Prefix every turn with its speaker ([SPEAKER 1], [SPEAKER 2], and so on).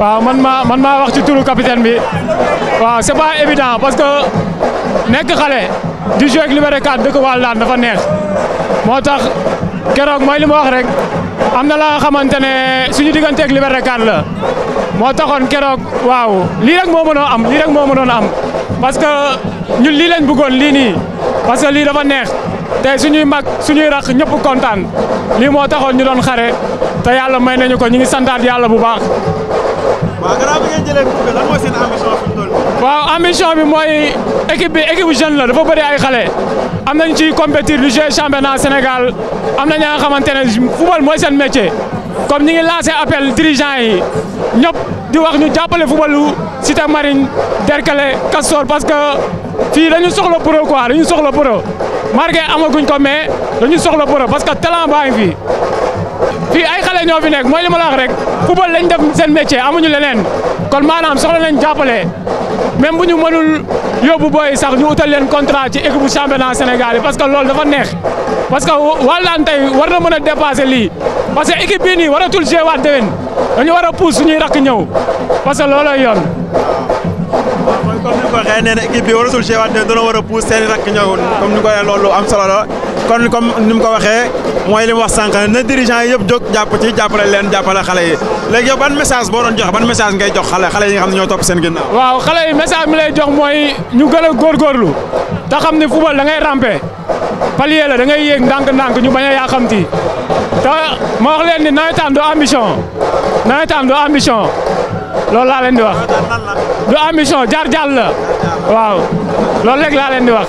[SPEAKER 1] waaw man maa man maa wax ci turu capitaine bi waaw c'est pas évident parce que nekk xale di jouer ak Liberté 4 dëkk wàll daan dafa neex moo tax keroog mooy li ma wax rek am na la nga xamante ne suñu diggante ak Liberté 4 la moo taxoon keroog waaw lii rek moo mënoon am lii rek moo mënoon am parce que ñun lii lañ bëggoon lii nii parce que lii dafa neex tey suñuy mag suñuy rax ñëpp kontaan lii moo taxoon ñu doon xare te yàlla may nañu ko ñu ngi santaat yàlla bu baax a gannaaw bi ngeen jëlee coupe bi lan mooy seen ambition fi mu toll waaw ambition mooy équipe bi équipe bu la dafa bëri ay xale am nañ ci compétir du jeu championnat Sénégal am na ña nga xamante ne football mooy seen métier comme ñi ngi lancé appel dirigeant yi ñëpp di wax ñu jàppale footballu Cité Marine Derklé Castor parce que fii dañu soxla pro quoi dañu soxla pro marqué amaguñ ko mais dañu soxla pro parce que talent baa ngi fii fii ay xale ñoo fi nekk mooy le ma la wax rek football lañ def seen métier amuñu leneen kon maanaam soxla nañ jàppale même bu ñu mënul yóbbu booy sax ñu utal leen contrat ci équipe bu championnat Sénégal yi parce que loolu dafa neex parce que wàllaan war na mën a dépasser lii parce que équipe bii nii waratul jouer waat déwén dañu war a pousse suñuy rakk ñëw parce que loolooy yoon. waaw mooy comme ni ko waxee nee na équipe bi waratul jouer waat déwén dana war a pousse seen rakk ñëw comme ni ko kon comme ni mu ko waxee mooy li mu wax sànq na dirigeant yi yëpp jóg jàpp ci jàppale leen jàppale xale yi léegi yow ban message boo doon joxe ban message ngay jox xale xale yi nga xam ne ñoo topp seen ginnaaw. waaw xale yi message mi lay jox mooy ñu gën a góorgóorlu te xam ne football da ngay ramper palier la da ngay yéeg ndànk-ndànk ñu bañ a yàqamti te ma wax leen ni nawetaan du ambition nawetaan du ambition loolu laa leen di wax du ambition jaar jaar la waaw loolu rek laa leen di wax.